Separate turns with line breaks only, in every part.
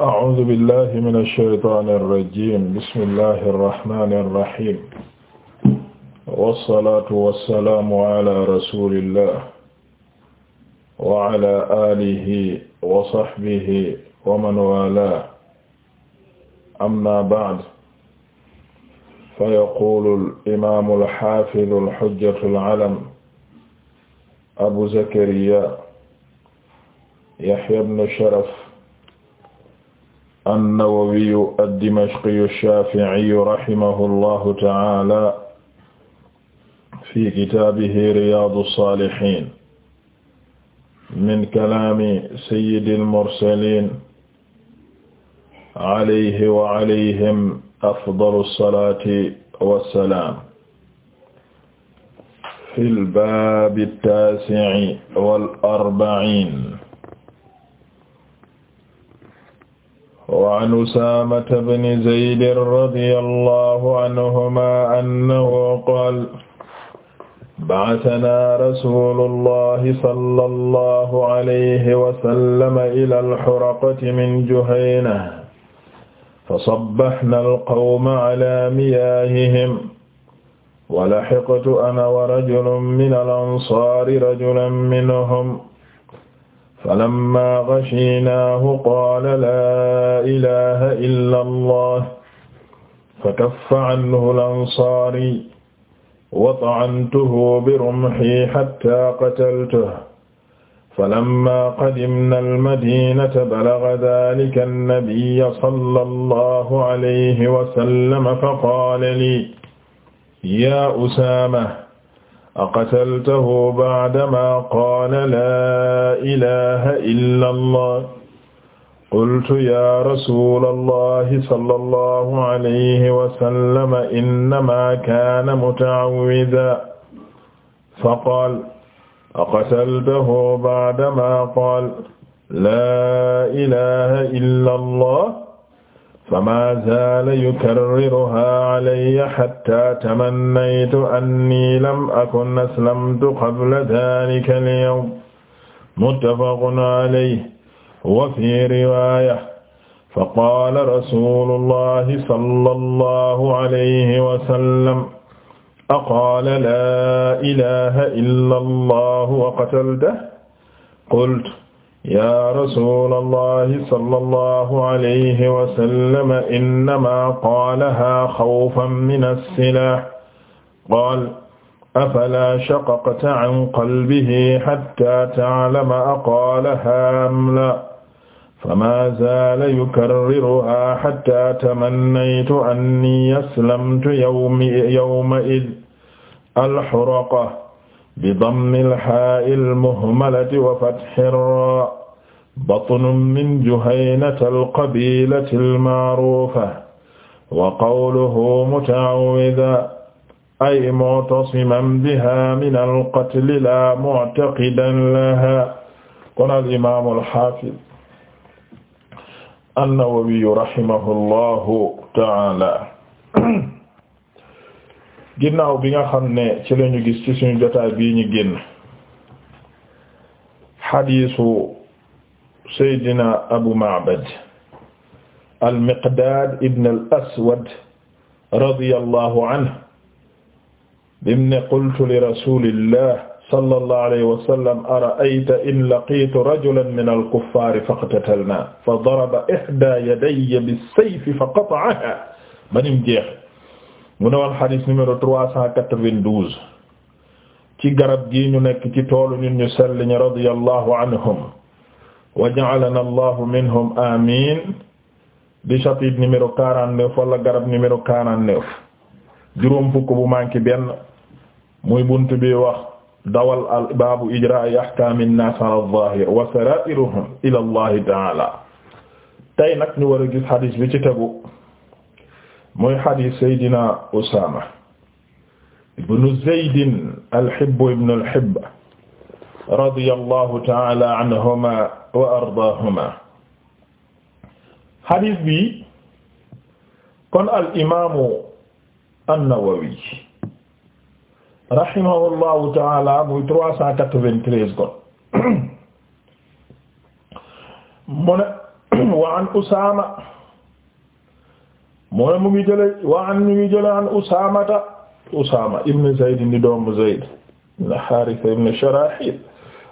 أعوذ بالله من الشيطان الرجيم بسم الله الرحمن الرحيم والصلاة والسلام على رسول الله وعلى آله وصحبه ومن والاه أما بعد فيقول الإمام الحافظ الحجة العلم أبو زكريا يحيى بن شرف annawawiyu addimashqiyu shaafi'iyu rahimahu llahu ta'aala fi kitaabihi riyaadu saalihiin min kalaami sayyidil mursaliin alayhi wa alayhim afdalu salaati wa salaam fil baabi taasi'i wal arba'iin وعن أسامة بن زيد رضي الله عنهما أنه قال بعثنا رسول الله صلى الله عليه وسلم إلى الحرقة من جهينة فصبحنا القوم على مياههم ولحقت أنا ورجل من الأنصار رجلا منهم falammaa ghashiynaahu qaala laa ilaaha illa allah fakaffa anhu al-ansaari wa ta'antuhu birumhi hattaa qataltuhu falammaa qadimnaa al-madiinata balagha dhaalika an-nabiyya sallallahu alayhi wa sallam faqaala lii yaa Usaama aqataltahu ba'dama qaala laa ilaha illa allah qultu ya rasula allahi sallallahu alayhi wa sallam innama kaana muta'awwida faqaala aqataltahu ba'dama qaala laa ilaha illa allah فما زال يكررها علي حتى تمنيت أني لم أكن أسلمت قبل ذلك اليوم متفق عليه وفي رواية فقال رسول الله صلى الله عليه وسلم أقال لا إله إلا الله وقتلته قلت yaa rasuulallahi sallallahu alayhi wa sallam innamaa qaalahaa xawfan mina silaah qaala afalaa shaqaqta can qalbihi hattaa taclama aqaalahaa am laa famaa zaala yukarriruhaa hattaa tamannaytu annii aslamtu yawma id alxuraqa bi dammi lxaa'i lmuhmalati wa fatxi ra batnun min juhaynata alqabilati almaarufa wa qawluhu muta'awwida ay mu'tasiman biha min alqatli laa mu'taqidan laha kon alimamu alxafid annawawiyu rahimahu allahu ta'ala ginnaaw bi nga xam ne ci lañu gis ci suñu jotaay bii ñu génn xadiisu seydina abu ma'bad al-miqdaad ibn al-aswad radiyallahu anhu bim ne qultu li rasulillah sallallahu alayhi wa sallam ara'ayta in laqiitu rajulan min al-kuffaari faqtatalnaahu fa daraba ihdaa yadayya bis-sayfi faqata'ahaa ba nim jeex mu ne woon xadis numéro trois cent quatre ci garab gi ñu nekk ci toolu nit ñu sell ñi radiyallahu anhum wa ja'alana allahu minhum amin di chapitre numéro quarante-neuf wala garab numéro quarante-neuf juróom fukk bu manqué benn muy bunt bi wax dawal al baabu ijra'i ahkami an-nas ala adh-dhahir wa sara'iruhum ila ta'ala tey nag ñu war a gis ci tegu mooy xadiis Seydina Usaama ibnu Zaydin al-Hibb ibnu al-Hibb radiyallahu ta'ala anhuma wa ardaahuma xadiis bi kon al imaamu an-Nawawi rahimahullahu ta'ala muy trois cent quatre-vingt-treize kon mu ne wa an Usaama mooy mu ngi jële wa an mu ngi jële an usaamata usaama ibn zayd di doomu zayd ibn haarisa ibn sharaahil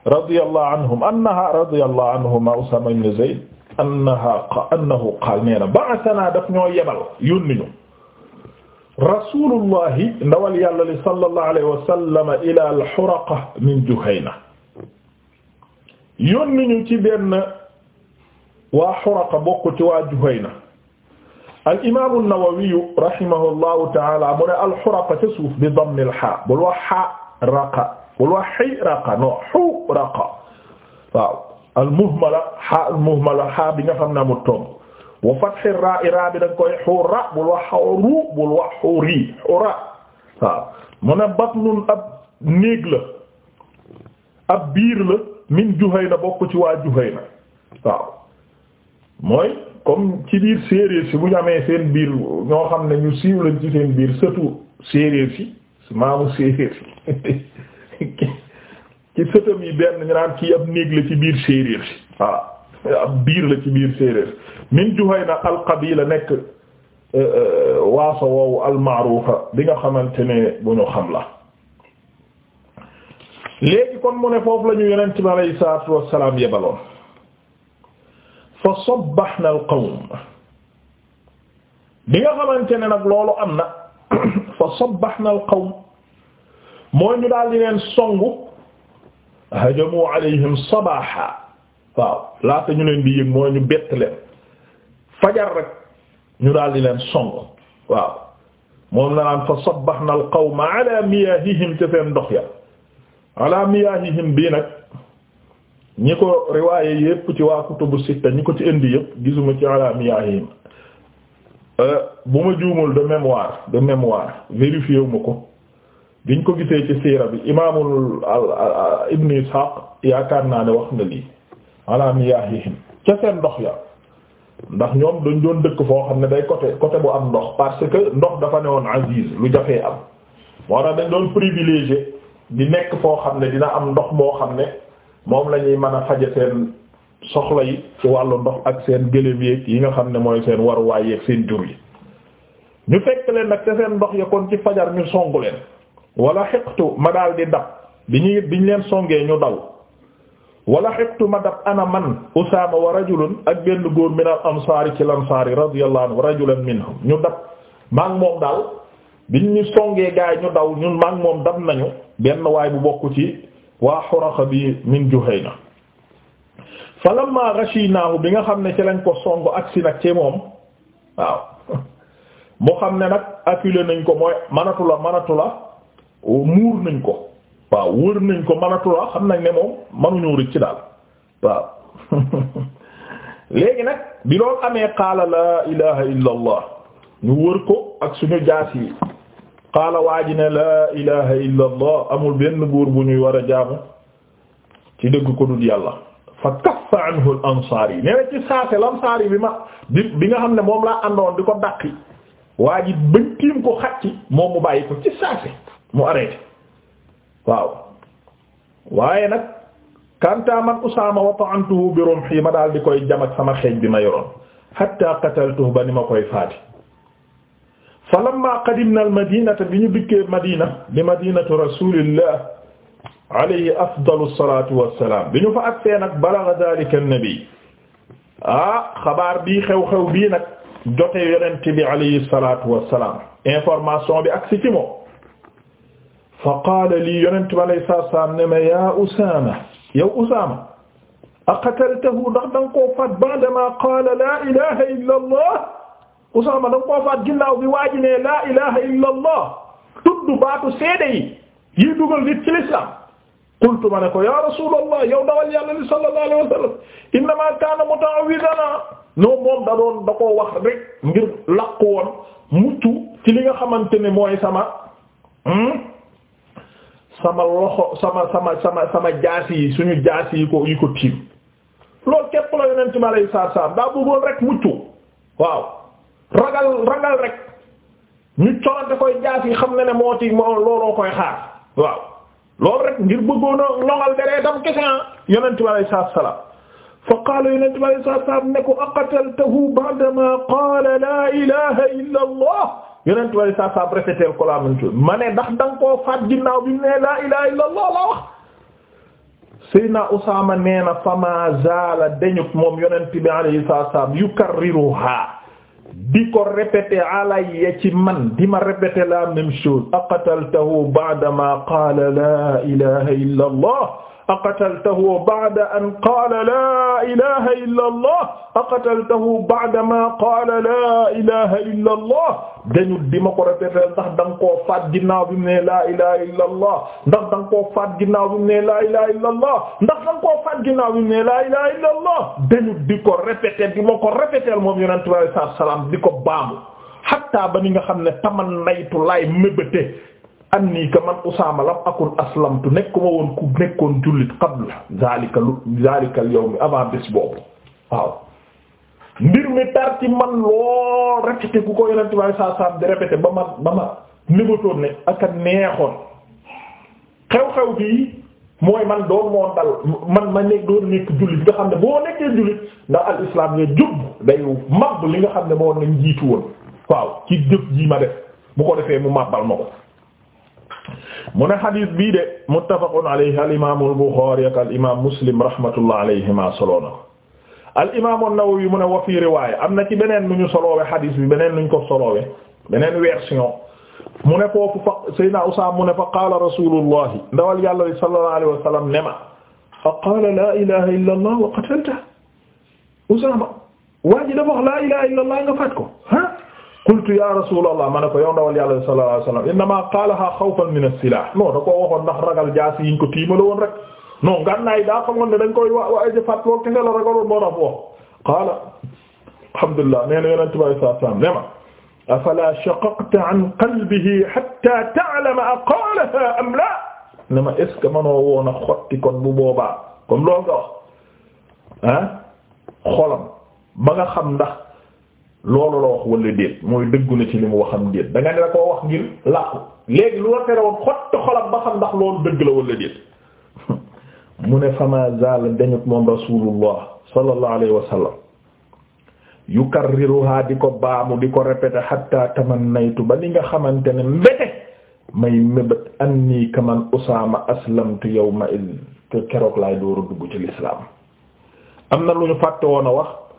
radiyallahu anhum annaha radiyallahu anhuma usaama ibn zayd annaha annahu qaal nee na ba'athanaa daf ñoo yebal yónni ñu rasulullahi ndawal yàlla li sallallahu alayhi wa sallam ila al-Huraqa min Juhayna yónni ñu ci benn waa Huraqa bokk ci waa Juhayna al imaamu nawawiyu rahimahullahu taala mu ne alxuraqa ca suuf bi dammil xaa bul wax xaa raqa bul wax xii raqa non xuu raqa waaw almuhmala xaa almuhmala xaa bi nga xam ne amul tomb wa fatxi raa i raa bi da nga koy xuura bul wax xawru bul wax xuuri xuura waaw mu ne batnun ab néeg la ab biir la min Juhayna bokk ci waa Juhayna waaw mooy. comme ci biir séeréer si bu ñu amee seen biir ñoo xam ne ñu siiw lañ ci seen biir surtout séeréer si maamu séeréer si ci sëtam yi benn ñu naan kii ab néeg la ci biir séeréer si voilà biir la ci biir séeréer min Juhayna al-qabila nekk euh, euh, waaso woowu al bi nga xamante ne bu ñu xam la léegi kon mu ne foofu la ñu yonent bi alayhi wassalaam yebaloon sabbaxna al qawm bi nga xamante ne nag loolu am na fa sabbaxna al qawm mooy ñu daal di leen songu hajamu alayhim sabaxa waaw laata ñu leen di yëg mooy ñu bett leen fajar rek ñu daal di leen songu waaw moom la naan fa sabbaxna al qawma ala miyaahihim ca seen ndox ya ala miyaahihim bii nag ñi ko riwaaye yépp ci waa kutubu sitta ñi ko ci indi yépp gisuma ci ala miyaahim euh, bu ma juumul de mémoire de mémoire vérifié wu ma ko biñ ko gisee ci siira bi imaamul ibn ishaq yaakaar naa ne wax na lii ala miyaahihim ca seen ndox ya ndax ñoom dañ doon dëkk foo xam ne day côté côté bu am ndox parce que ndox dafa ne woon aziz lu jafee am moo tax dañ doon privilégié di nekk foo xam ne dina am ndox moo xam ne moom lañuy ñuy mën a faje seen soxla yi ci wàllu ndox ak seen gëléem yeeg yi nga xam ne mooy seen waruwaay yeeg seen jur yi ñu fekk leen nag te seen ndox ya kon ci fajar ñu song leen wala xeqtu ma daal di dab bi ñu bi ñu leen songee ñu daw wala xeqtu ma dab ana man usaama wa rajulun ak benn góor min al ansaari ci lansaari radiyallahu anhu rajulan minhum ñu dab maak moom daal biñ ñu songee gaay ñu daw ñu maak moom dab nañu benn waay bu bokkut ci waa xuraxa bi min Juhayna falamma ghashinaahu bi nga xam ne ci lañ ko ak si nag ci moom waaw moo xam ne nag acculé nañ ko mooy manatu la manatu la muur nañ ko waaw wër nañ ko manatu la xam nañ ne moom manuñu rëcc ci daal waaw léegi nag bi loolu amee qaala laa ilaha illa allah ñu wër ko ak suñu jaas yi qaala waa ji ne laa ilaha illa allah amul benn buur bu ñuy war a jaamu ci dëgg ko dul yàlla fa kaffa anhu al ansaar yi nee na ci saase l ansaar yi bi ma bi bi nga xam ne moom laa àndoon di ko dàqi waa ji bëntiim ko xacci moom mu bàyyi ko ci saase mu arrêté waaw waaye nag kanta man usaama wa ta'antuhu bi rumhi ma daal di koy jam ak sama xeej bi ma yoroon hatta qataltuhu ba ni ma koy faati fa lamma qadimna al madinata bi ñu dikkee madina di madinatu rasulillah alayhi afdalu salatu wassalam bi ñu fa agsee nag balagha dhalika an-nabi ah xabaar bii xew-xew bii nag jote yonent bi alayhi salatu wassalam information bi agsi ci moom fa qaala lii yonent bi alayhi salatu wassalam ne ma ya Usaama yow Usaama aqataltahu ndax danga koo faat ba'dama qaala la ilaha illa allah Usaama da nga koo faat ginnaaw bi waa ji ne laa ilaha illa allah tudd baatu seede yi yi dugal l'islam qultu ma ko ya rasulallah yow dawal yàlla li sallallahu alayhi wa sallam innama kaana muta'awwidana non moom da doon da koo wax rek ngir laq woon mucc li nga xamante ni mooy hmm? sama sama sama sama sama sama jaasi yi suñu jaasi yi ko yi ko tiim loolu képp la yonent bi daa bëggoon rek mucc waaw ragal ragal rek ñu corante koy jaas yi xam ne ne moo ci moo looloo koy xaar waaw loolu rek ngir bëggoon a longal deretam kese ah yonent bi alayhi salaatu wa salaam fa qaala yonent bi alayhi salaatu wa salaam ne ko aqataltahu ba'dama qaala laa ilaaha illa allah yonent bi alayhi salaatu wa salaam répété ko la même chose ma ne ndax da nga koo faat ginnaaw bi mu ne laa ilaaha illa allah la wax Seydina Usaama nee na fama zaala dañu moom yonent bi alayhi salaatu wa salaam yukarriruha di ko répété alayya ci man di ma répété la même chose aqataltahu ba'da ma qaala la ilaha illa allah aqataltahu ba'da an qaala laa ilaha illa allah aqataltahu ba'da ma qaala laa ilaha illa allah dañu di ma ko répété ndax da nga koo faat ginnaaw bi mu ne laa ilaha illa allah ndax da nga koo faat ginnaaw bi mu ne laa ilaha illa allah ndax da nga koo faat ginnaaw bi mu ne laa ilaha illa allah dañu di ko répété di ma ko répété moom yonent bi sallallahu alayhi wasallam di ko baamu hatta ba ni nga xam ne taman naytu laay mébéte anni ka man Usaama lam akun aslamtu nekkuma woon ku nekkoon jullit qabla zaalika lu zaalika al-yawm avant bés boobu waaw mbir mi tar ci man lool répété ku ko yonent bi saa saa di répété ba ma ba ma nébatoon ne ak a neexoon xew-xew bi mooy man doon moo dal man ma nekk doon nekk jullit nga xam ne boo nekkee jullit ndax al islam nga jub day màbb li nga xam ne moo nañ jiitu woon waaw ci jëf ji ma def bu ko defee mu màbbal ma ko mu ne xadis bii de muttafaqun alayhi al imaamu al buxaari ak al imaam muslim rahmatullah alayhima solo na al imaamu an-nawawi mu ne wa fi riwaaya am na ci beneen nu ñu soloowe xadis bi beneen nu ñu ko soloowe beneen version mu ne foofu fa Seydina Usaama mu ne fa qaala rasuulullahi ndawal yàlla li sallallahu alayhi wa sallam ne ma fa qaala laa ilaaha illallah wa qatalta Usaama waa ji dafa wax laa ilaaha illallah nga faat ko ah qultu ya rasulallah ma ne ko yow ndawal yàlla sallallahu alayhi wasallam innama qaalaha xawfan min as-silah non da koo waxoon ndax ragal jaasi yiñ ko tiimala woon rek non gànnaay daa xamoon ne dañ koy wa wa aji fat lool kese la ragaloon moo tax wax qaala alhamdulillah nee na yonente bi alayhi salaatu salaam ne ma afala shaqaqta an qalbihi hatta ta'lama aqaalaha am la ne ma est ce que mënoo woon a xotti kon bu boobaa comme loolu nga wax ah xolam ba nga xam ndax loolu la wax wala déet mooy dëggu ci li mu waxam déet da nga ne la koo wax ngir làqu léegi lu la tere woon xott xolam ba xam ndax loolu dëgg la wala déet mu ne fama zal dañut moom rasulullah sallallahu alayhi wa sallam yukarriruha di ko baamu di ko répéter hatta naytu ba li nga xamante ne mbéte may mébét anni kaman usaama aslamtu yawma id te keroog laay dooru dugg ci l'islam am na lu ñu fàtte woon a wax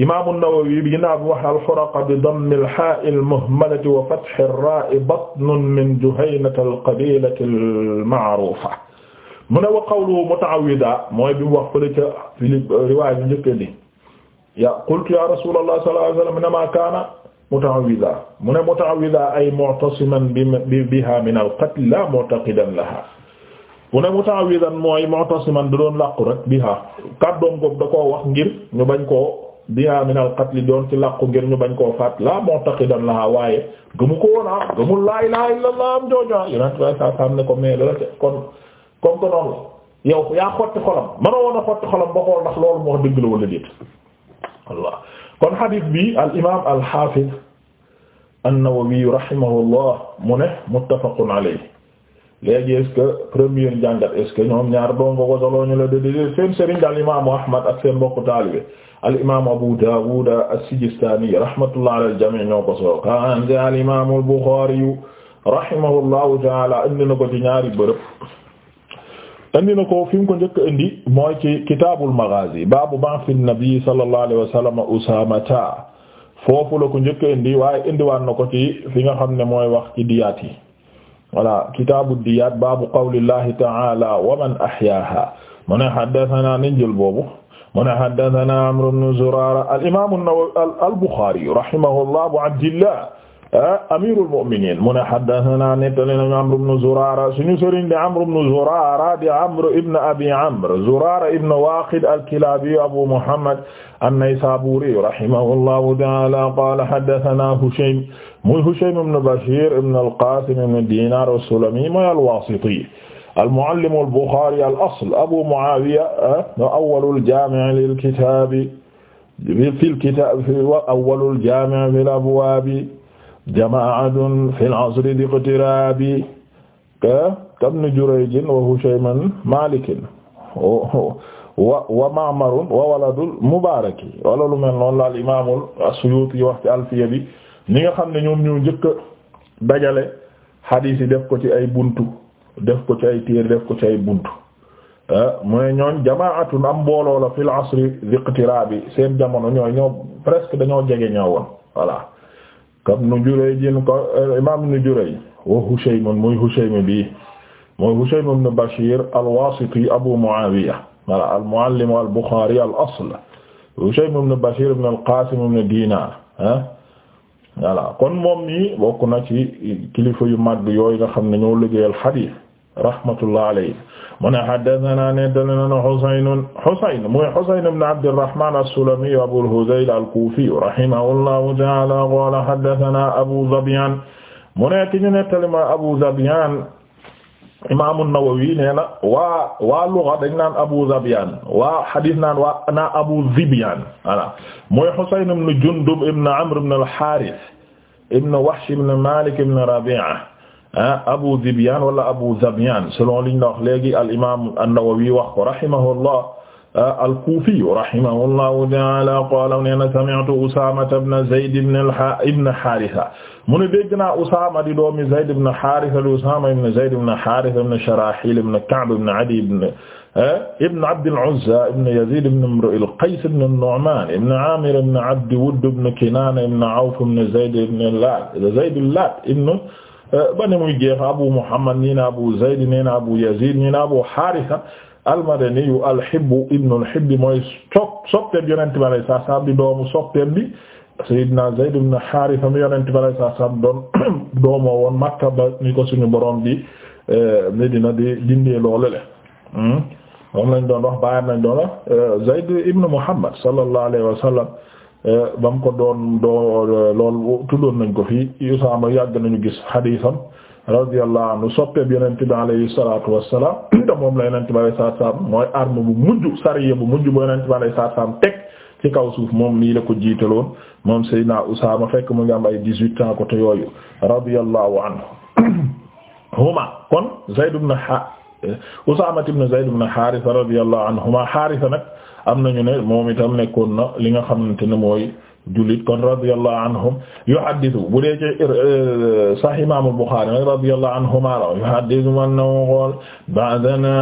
imaamu Nawawi bi ginnaaw bi wax alxuraqa bi dammi alxaa'i almuhmalati wa fatxi raa'i batnun min juhaynata alqabiilati alma'ruufa mu ne wa qawluhu muta'awwida mooy bi mu wax fële ca riwaaya bi njëkk ni yaa qultu yaa rasuulallah sallallahu alayhi wa sallam innamaa kaana muta'awwida mu ne muta'awwida ay mu'tasiman bihaa min alqatl laa mu'taqidan lahaa mu ne muta'awwidan mooy mu'tasiman da doon làqu rek bihaa kàddoom da koo wax ngir ñu bañ koo biha min al qatl doon ci làqu ngir ñu bañ koo faat la mu'taqidan laha waaye gëmu ko woon ah a laa ilaha illallah am joojoa sa sam ne ko mais lala te kon comme que la yow yaa xotti xolam mënoo woon a xotti xolam ba xool ndax loolu moo wax dëgg la wala déet kon hadith bi al imam al hafiz an-Nawawi rahimahullah mu ne muttafaqun alayhi léegi est-ce premier jàngat est-ce que ñoom ñaar dongo ko solo ñu la déedéet seen sëriñ daal imaamu Ahmad ak seen mbokku taalibe al imaam Abu Daawud as-Sijistaani rahmatullah ala al-jamii' ñoo ko solo kan al imaam al-Buxaari ta'ala indi na ko ci ñaari bërëb indi na ko fi mu ko njëkk indi mooy ci kitaabul maghaazi nabi sallallahu alayhi wa sallam foofu la ko njëkk indi waaye indiwaat na ko ci fi nga xam ne mooy wax ci diyaat yi voilà kitaabu diyaat baabu qawlillahi ta'ala wa man mu ne haddathana ninjël boobu mu ne haddathana Amr ibn Zurara al imam an-Nawawi al Bukhari rahimahullah Abu Abdillah amirul mu'minin mu ne haddathana nettali nañu Amr ibn Zurara suñu sëriñ di Amr ibn Zurara di Amr ibn Abi Amr Zurara ibn Waqid al-Kilabi Abu Muhammad an-Naysaburi rahimahullahu ta'ala qala haddathana Hushaym muy Hushaym ibn Bashir ibn al-Qasim ibn Dinar as-Sulami mooy al-Wasiti al-muallim al-Bukhari al-asl Abu Muawiya ah, awwalul jaami' lil kitaabi fil kitaabi awwalul jaami' fil abwaabi jamaa'atun fil asri liqtiraabi ah, kabni Jurayjin wa Hushayman Maalikin wa wa Ma'marun wa waladul Mubaaraki wala lu mel noonu la al-imaam as-Suyuuti wax ci Alfiya bi ñi nga xam ne ñoom ñoo njëkk a dajale hadiis yi def ko ci ay buntu. def ko ci ay téer def ko ci ay buntu eh, mu asri ziqtirabi seen jamono ñooy ñoo presque dañoo jege ñoo woon voilà comme nu jurey jin ko eh, imam nu jurey wa Hushaym muy bi mooy Hushaym ibn Bashir al-Wasiti Abu Muawiya voilà al-muallim al-Bukhari al-asl Hushaym ibn Bashir ibn al-Qasim ibn Dinar eh. voilà kon moom nii bokk na ci kilifa yu mag yooyu nga xam ne ñoo liggéeyal hadith rahmatullah alayhi mu ne haddathana nettalenana Husayn Husayn mooy Husayn ibn Abdirrahman as-Sulami Abul Hudayl al-Kufi rahimahullahu ta'ala qala haddathana Abu Zabyan mu ne ki ñu nettali ma Abu Zabyan imaamu Nawawi nee na waa waa lugha dañ naan Abu Zabyan waa hadith naan waa ana Abu Zibyan voilà mooy Husayn ibn Jundub ibn Amr ibn al-Harith ibn Wahsh ibn Malik ibn Rabi'a ah Abu Zibyan wala Abu Zabyan selon liñ la wax léegi al imaam an-Nawawi wax ko rahimahullah Ah, al-Kufi rahimahullahu ta'ala qaala nee na sami'tu Usaama ibn Zayd ibn Haaritha mu ne dégg naa Usaama di doomi Zayd ibn Haaritha di Usaama ibn Zayd ibn Haaritha ibn Sharaahil ibn Ka'b ibn Adiy ibn eh, ibn Abd al-Uzza ibn Yazid ibn Imru' al-Qays ibn an-Nu'man ibn Amir ibn Abd Wudd ibn Kinaana ibn Awf ibn Zayd ibn Laat Zayd al-Laat ibn eh, ba ne muy jeex Abu Muhammad nee na Abu Zayd nee na Abu Yazid nee na Abu Haaritha almadaniyu alhibbu ibnu alhibbi mooy sop sopteeb yonente bi alayhi salaatu salaam di doomu sopteeb bi sayyidina Zayd ibn Haarisa mi yonente bi alayhi salaatu salaam woon Makka ba ni ko suñu borom di eh, Medina di dindee loolu le hmm? moom lañ doon wax bàyyam lañ doon wax eh, Zayd ibn Muhammad sallallahu alayhi wa sallam eh, ko doon doo lool tuddoon nañ ko fii Usaama yàgg nañu gis hadiisam radiyallahu anhu soppeeb yonent bi alayhi salaatu wassalaam te moom la yonent bi alayhi salaatu mooy arme bu mujj sariya bu mujj bu yonent bi alayhi salaatu wassalaam teg ci kaw suuf moom nii la ko jiitaloon moom Seydina Usaama fekk mu ngi am ay dix-huit ans côté yooyu radiyallahu anhu huma kon Zayd ibn Usaama ibn Zayd ibn Haarisa radiyallahu anhuma Haarisa nag am nañu ne moom itam nekkoon na li nga xamante ne jullit kon radiyallahu anhum yuhaddithu bu dee ci euh, sahih imam al-Bukhari nag radiyallahu anhuma la yuhaddithu man qala ba'athana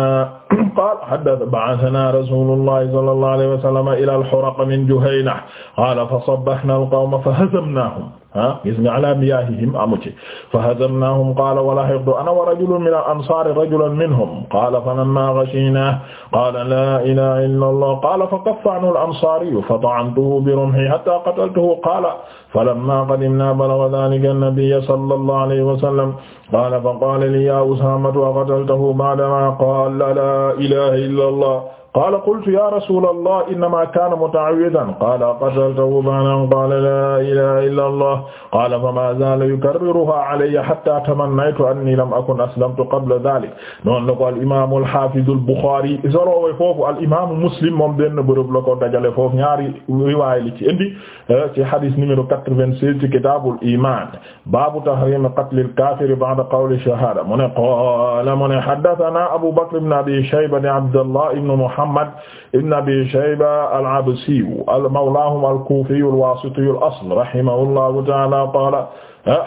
qala haddatha ba'athana rasulullahi sallallahu alayhi wa sallam ila al-Huraqa min Juhayna qala fa sabbahna al-qawma fa hazamnahum ah gis nga ala miyaahihim amu ci fa hazamnaahum qaala wa lahiqtu ana wa rajulun min al-ansaari rajulan minhum qaala falammaa ghashiynaahu qaala laa ilaaha illallaah qaala fakaffa anhu al-ansaariyu fata'amtuhu bi rumhihi hattaa qataltuhu qaala falammaa qadimnaa balagha dhaalika an-nabiyya sallallaahu alayhi wa sallam qaala faqaala lii yaa Usaamatu aqataltahu ba'damaa qaala laa ilaaha illallaah qaala qultu ya rasula allah innama kaana muta'awwidan qaala qataltahu manan qaala laa ilaha illa allah qaala fama zaala yukarriruha alayya hatta tamannaytu anni lam akun aslamtu qabla dhalik noonu la ko alimamu alhafidu albuxaari solowe foofu alimamu muslim moom benn bërëb la ko dajale foofu ñaari riwaay li ci indi eh, ci hadis numéro 96 ci kitaabul iman baabu tahrim qatli alkafiri ba'da qawli shahada mu ne qaala mu ne haddathana abu bakr ibn abi shayba abdullah ibn muhammad Muhammad ibn Abi Shayba al-Absi mawlaahum al-Kufi al-Wasiti al-asl rahimahullahu ta'ala qala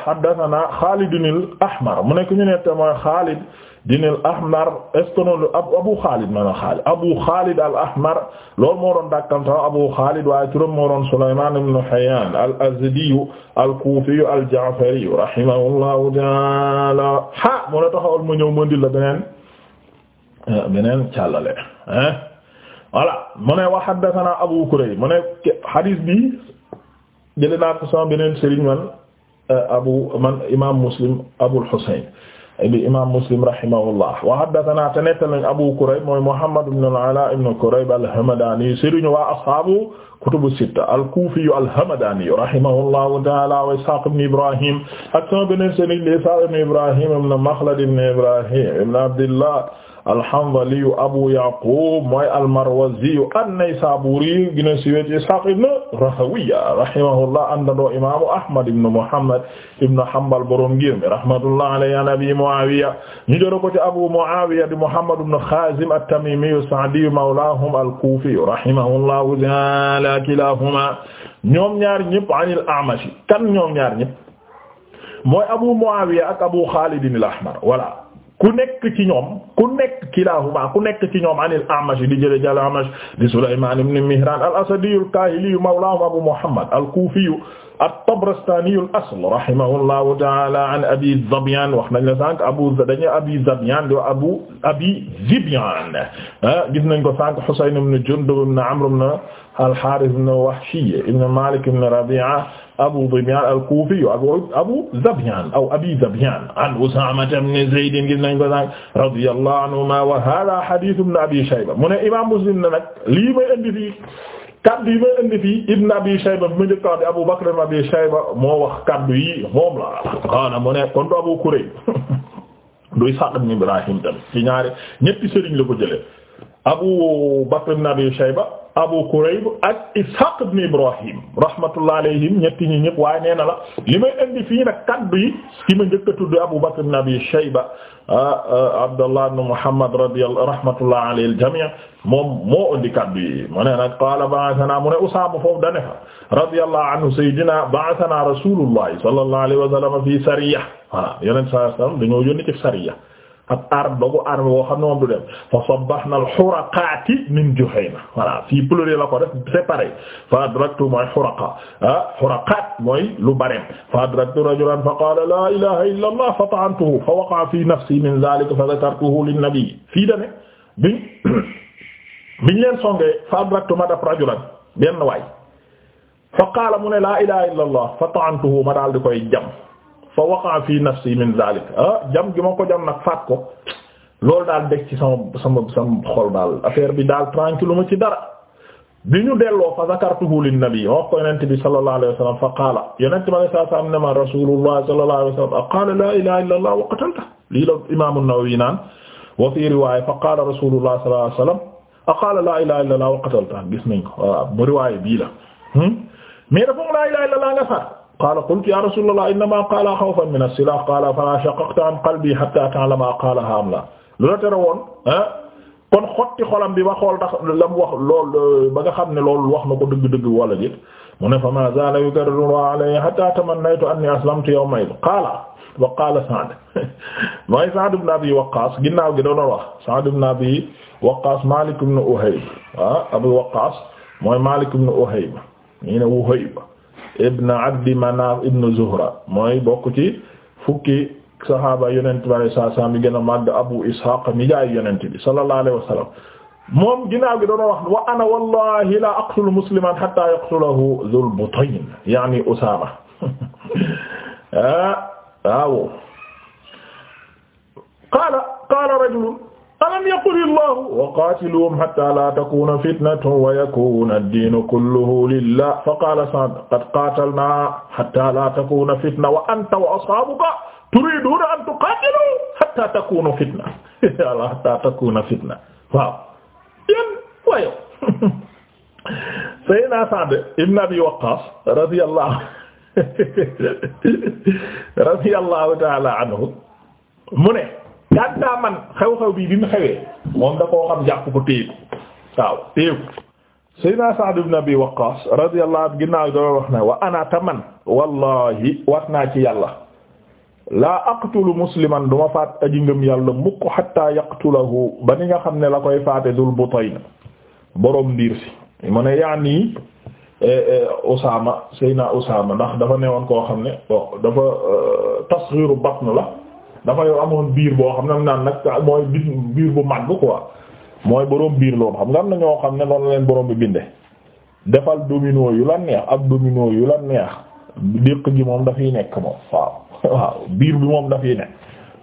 haddathana Khalid al-Ahmar mu nekk ñu ne mooy Khalid ibn al-Ahmar est-ce que noonu Abu Khalid maanaam Khalid Abu Khalid al-Ahmar loolu moo doon dàkkantaw Abu Khalid waaye turam moo doon Sulayman ibn Hayyan al-Azdi al-Kufi al-Ja'fari rahimahullahu ta'ala ha moo la taxawal mu ñëw mu ndil la beneen Euh, beneen càllale hein voilà mu ne wa haddathana Abu Kurayb mu ne hadith bi jëlee naa ko sama beneen sëriñ man euh, abu man imaam Muslim Abul Husayn bi imaam Muslim rahimahullah wa haddathana te nettal nañ Abu Kurayb mooy Muhammad ibn al-Ala ibn Kurayb al-Hamadani sëriñ waa ashaabu kutubu sitta al-Kufi al-Hamadani rahimahullahu ta'ala wa Ishaq ibn Ibrahim ak sama beneen sëriñ Ishaq ibn Ibrahim ibn Makhlad ibn Ibrahim ibn Abdillah alhanzaliyu abu yaqub mooy almarwaziyu an-naysaburi gëna siiwe ci ishaq ibn rahawiya rahimahullah andandoo imamu ahmad ibn muhammad ibn hanbal borom ngir mi rahmatullah alayhi an abi muawiya ñu jëro ko ci abu muawiya di muhammad ibn khazim at-tamimiyu sa'diyu mawlahum al-kufiyu rahimahullahu ta'ala kilahuma ñoom ñaar ñëpp anil a'mashi kan ñoom ñaar ñëpp mooy abu muawiya ak abu khalid al-ahmar wala ku nekk ci ñoom ku nekk kilahuma ku nekk ci ñoom anil A'mash di jële jal A'mash di Sulaymaan ibn Mihraan al-Asadi al-Kaahili mawlaahum Abu Muhammad al-Kuufi at-Tabarastani al-asl rahimahullahu ta'ala an Abi Zabyan wax nañ la sànq Abu dañu Abi Zabyan do Abu Abi Zibyan ah, gis nañ ko sànq Husayn ibn Jundub ibn Amr ibn al-Harith ibn Wahshi ibn Malik ibn Rabi'a Abu Dimyaan al-Kuufi Abu Zabyaan aw Abi Zabyaan an Usaama ibn Zayd gis nañ ko sànq radiyallahu anhumaa wa haaza hadiis ibn Abi Shayba mu ne imaam Muslim ne nag lii may indi fii kaddu yi may indi fii ibn Abi Shayba bi ma njëkk a wax Abu Bakr ibn Abi Shayba moo wax kaddu yi moom la qaala mu ne kon du Abu Kurayb du Isaaq ibn Ibraahiim tamit ci ñaari ñetti sëriñ la ko jëlee Abu Bakr ibn Abi Shayba Abu Kurayb ak Ishaq ibn Ibrahim rahmatullah alayhim ñetti ñi ñëpp waaye nee na la li may indi fii nag kaddu yi ki ma njëkk a tudd Abu Bakr ibn Abi Shayba ah, ah, Abdullah ibn Muhammad radiyallahu rahmatullah alayhi al-jami' moom moo indi kaddu yi mu ne nag qaala ba'athana mu ne Usaama foofu da ne fa radiyallahu anhu sayyidina ba'athana rasulullah sallallahu alayhi wa sallam fi sariya voilà yeneen saa yi dañoo yónni ci sariya ab arme dogu arme boo xam ne moom du dem fa sabbahna al-huraqati min Juhayna voilà fii pluriel la ko def c'est pareil fa adraktu mooy huraqa ah huraqat mooy lu bare fa adraktu rajulan fa qala la ilaha illa allah fa ta'antuhu fa waqa'a fi nafsi min dhalika fa dhakartuhu lin-nabi fii dane biñ biñ leen songee fa adraktu ma daf rajulan benn waay fa qaala mu ne la ilaha illa allah fa ta'antuhu ma daal di koy jam fa waqa fi nafsi min zalik ah jam gi ma ko jam nag faat ko loolu daal dëkk ci sama sama sama xol daal affaire bi daal tranquille ma ci dara bi ñu delloo fa zakartuhu lin nabi wax ko yonent bi sallallahu alayhi wa sallam fa qaala yonent bi alayhi salaam ne ma rasulullah sallallahu alayhi wa sallam qaala la ilaha illa allah wa qatalta lii la imaamu Nawawi naan wa fi riwaaya fa qaala rasulullah sallallahu alayhi wa sallam qaala la ilaha illa allah wa qatalta gis nañ ko waaw bu riwaaya bii la hmm? mais dafa laa ilaha illa allah nga faat qaala qultu ya rasulallah innama qaala xawfan min as-silaah qaala falaa shaqaqta an qalbi hatta ta'lama qaalahaa am laa lu la tere woon ah kon xotti xolam bi ba xool ndax la mu wax lool ba nga xam ne loolu wax na ko dëgg-dëgg wala jël mu ne fa maa zaala yukarriru alayhi hatta tamannaytu anni aslamtu yawmayidh qaala wa qaala Sa'd mooy Sa'd ibn Abi Waqqaas ginnaaw gi doon wax Sa'd ibn Abi Waqqaas Maalik ibn Uhayb ah Abi Waqqaas mooy Maalik ibn Uhayb ñu ne Uhayb ibn abdi manaaf ibn zuhra mooy bokk ci fukki saxaaba yonent bi alayhi salaatu salaam yi gën a màgg abu ishaq mi jaay yonent bi sallallahu alayhi wa sallam moom ginnaaw gi doona wax wa ana wallahi la aqtulu musliman hatta yaqtulahu dhul butayn yaani usaama ah waaw qaala qaala rajulun alam yaqul illahu wa qatiluhum hatta la takuna fitnatun wa yakuna ad-dinu kulluhu lillah fa qala Sa'd qad qatalna hatta la takuna fitna wa anta wa ashabuka turiduna an tuqatilu hatta takuna fitna ala hatta takuna fitna waaw yén wayo Sayyidina Sa'd ibn Abi Waqqas radiyallahu radiyallahu ta'ala anhu mu ne gàntaa man xew-xew bii bi mu xewee moom da koo xam jàpp ko téye ko waaw téye ko Seydina Sa'd ibn Abi Waqqas radiyallahu anhu ginnaaw dama wax ne wa anaata man wallahi wat naa ci yàlla laa aqtulu musliman du ma faat aji ngëm yàlla mukk hatta yaqtulahu ba ni nga xam ne la koy faate dul Butayn boroom ndiir si mu ne yaani eh, eh, Usaama Seydina Usaama ndax dafa newoon koo xam ne bon dafa euh, tasghiru batn la dafa yor amoon biir boo xam ne am naan nag mooy biir bu mag quoi mooy borom biir loolu xam nga am na ñoo xam ne noonu la leen borom bi binde defal domino yu la neex ab domino yu la neex déq gi moom dafay nekk moom waaw biir bi moom dafay nekk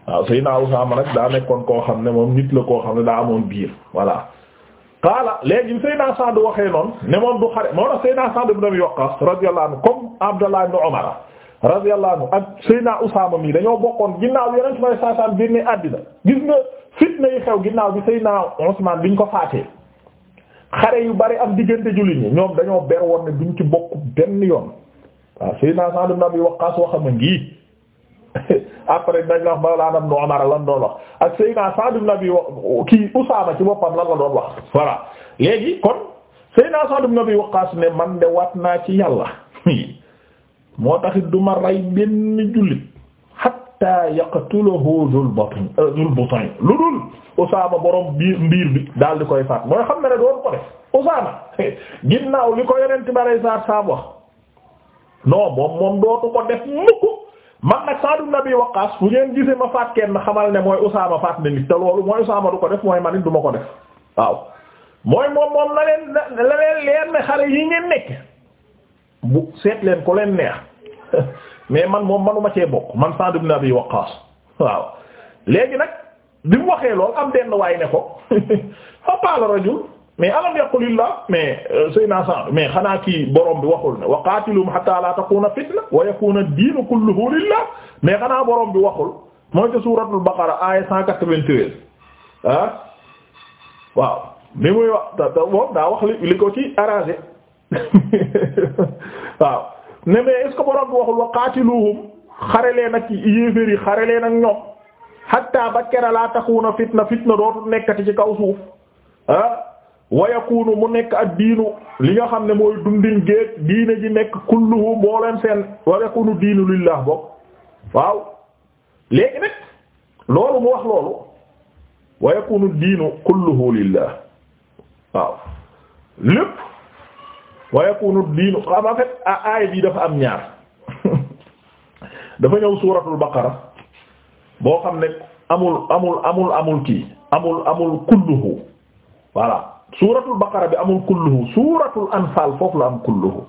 waaw Seydina Usaama nag daa nekkoon koo xam ne moom nit la koo xam ne daa amoon biir voilà qaala léegi Seydina Sa'd waxee noonu ne moom du xare moo tax Seydina Sa'd ibn Abi Waqqas radiyallahu anhu comme Abdullah ibn Umar radiyallahu anhu ak Seydina Usaama mi dañoo bokkoon ginnaaw yeneen su may saasaan biir ne àddina gis nga fitna yi xew ginnaaw bi Seydina bi biñ ko faatee xare yu bari am diggante jullit ñi ñoom dañoo ber woon ne duñ ci bokk benn yoon waaw Seydina Sa'd ibn Abi Waqqaas waxama ngi après dañ la wax Mawlaana Ibn Umar lan doon wax ak Seydina Sa'd ibn Abi kii Usaama ci boppam lan la doon wax voilà léegi kon Seydina Sa'd ibn Abi ne man de waat naa ci yàlla moo taxit du ma rey benn jullit hatta yaqtuluhu zul batn euh, zul batn lu dul Usaama borom biir mbiir bi daal di koy faat mooy xam ne rek doon ko def Usaama ginnaaw li ko yonent bare saar saab wax no moom moom dootu ko def mukk man nag Saadu Nabi Waqaas fu ngeen gisee ma faat kenn xamal ne mooy Usaama faat na nit te loolu mooy Usaama du ko def mooy man it du ma ko def waaw mooy moom moom la leen la leen leer ne xare yi ngeen nekk bu seet leen ko leen neex mais man moom manuma cee bokk man Sa'd ibn Abi Waqqas waaw léegi nag bi mu waxee lool am benn waay ne ko fa qaala rajul mais alam yaqulillah mais euh, sayna Sa'd mais xanaa kii borom bi waxul ne wa qaatiluhum hatta la fitna wa yakuna ad kulluhu lillah mais xanaa borom bi waxul mooy ci suuratul Baqara aaya 193 ah waaw bi muy wax moom daa wax li ko ci arrangé waaw ne mais est ce que borom waxul wa qaatiluhum xare leen ak yéeféer yi xare leen ak ñoom hatta ba kera laa na fitna fitna dootu nekkati ci kaw suuf ah, wa yakunu mu nekk ak diinu li nga xam ne mooy dundin géej diine ji nekk kulluhu mbooleem seen wa yakunu diinu lillah bokk waaw léegi nag loolu mu wax loolu wa yakunu diinu kulluhu lillah waaw lépp wa yakunu diinu en fait aaya bi dafa am ñaar dafa ñëw suuratul baqara boo xam ne amul amul amul amul kii amul amul kulluhu voilà suuratul baqara bi amul kulluhu suuratul anfaal foofu la am kulluhu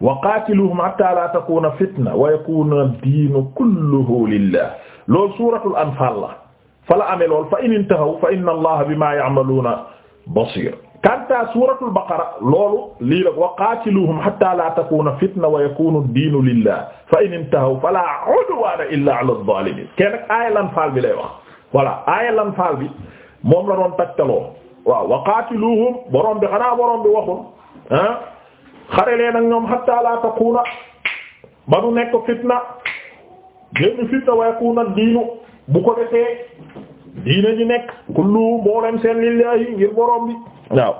wa qaatiluhum hatta la takuna fitna wa yakuna diinu kulluhu lillah loolu suuratul anfaal la fa la amee lool fa in intahaw fa inna allaha bima ya'maluna basir kanta suuratul baqara loolu lii la wa qaatiluhum hatta la takuna fitna wa yakunu diinu lillah fa in intahaw fala udwana illa ala adh-dhalimin kenn nag aaya lanfaal bi lay wax voilà aaya lanfaal bi moom la doon tagtaloo waaw wa qaatiluhum borom bi xanaa borom bi waxul ah xare leen ak ñoom hatta la takuna ba nu nekk fitna génn fitna wa yakuna diinu bu ko defee diine ji nekk kullu mboolem seen lillahi ngir borom bi waaw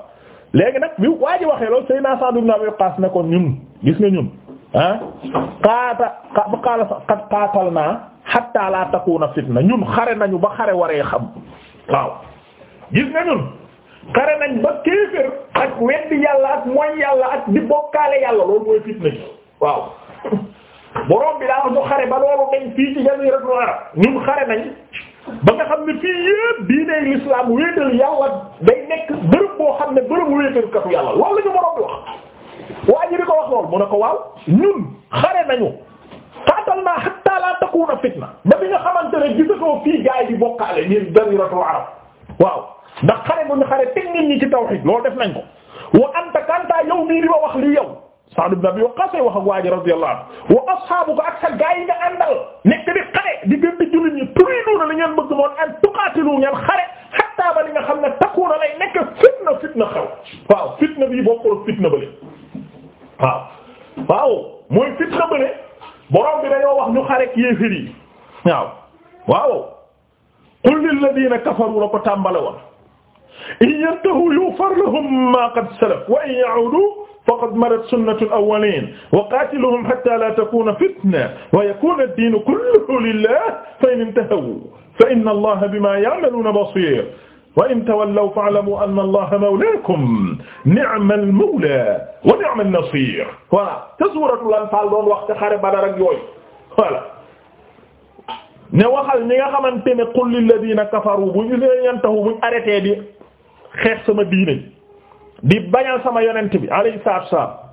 léegi nag bi ji waxee loolu Seydina Sa'd ibn Abi Waqqas ne ko ñun gis nga ñun ah qaata qaala qad qaatalnaa hatta la takuna fitna ñun xare nañu ba xare waree xam waaw gis nga ñun xare nañ ba kéefër ak weddi yàlla ak mooy yàlla ak di bokkaale yàlla loolu mooy fitna gi waaw borom bi daa ñu xare ba loolu dañ fii ci jaziratul arab ñun xare nañ ba nga xam ne fii yépp diiney l'islam wéetal yàlla day nekk bërëb boo xam ne bërëbu wéetal katu yàlla loolu la ñu boroom bi wax waa ji di ko wax lool mu ne ko waaw ñun xare nañu xaatal naa hatta la takuna fitna ba bi nga xamante ne gisatoo fii gaay di bokkaale ñun dariratul arab waaw ndax xare bu ñu xare teg nit ñi ci tawhid loo def nañ ko wa anta kanta yow mii di ma wax li yow Sa'd ibn Abi wax ak waa ji radiyallahu anhu wa ashaabuka ak sa gaay yi nga àndal nekk di xare di kon an tuqaatilu ngeen xare hatta ba li nga xam ne takkuuna lay nekk fitna fitna xew waaw fitna bii bokkul fitna bële waaw waaw mooy fitna bële borom bi dañoo wax ñu xare ak yéefir yi waaw waaw qul lil ladina kafaru la ko tàmbale woon in yantahu yughfar lahum ma qad salaf wa in ya'udu faqad marat sunnatu al-awwalin wa qatiluhum hatta la takuna fitna wa yakuna ad-dinu kulluhu lillah fa in intahaw fa inna allaha bima ya'maluna basir wa in tawallaw fa'lamu anna allaha mawlaakum ni'mal mawla wa ni'man nasir voilà te suuratul anfaal doon wax ca xare Badar ak yooyu voilà ne waxal ñi nga xamante ne qul lilladina kafaru bu ñu leen yantahu buñ arrêté di xeex sama diine di bañal sama yonent bi alayhi salaatu wa salaam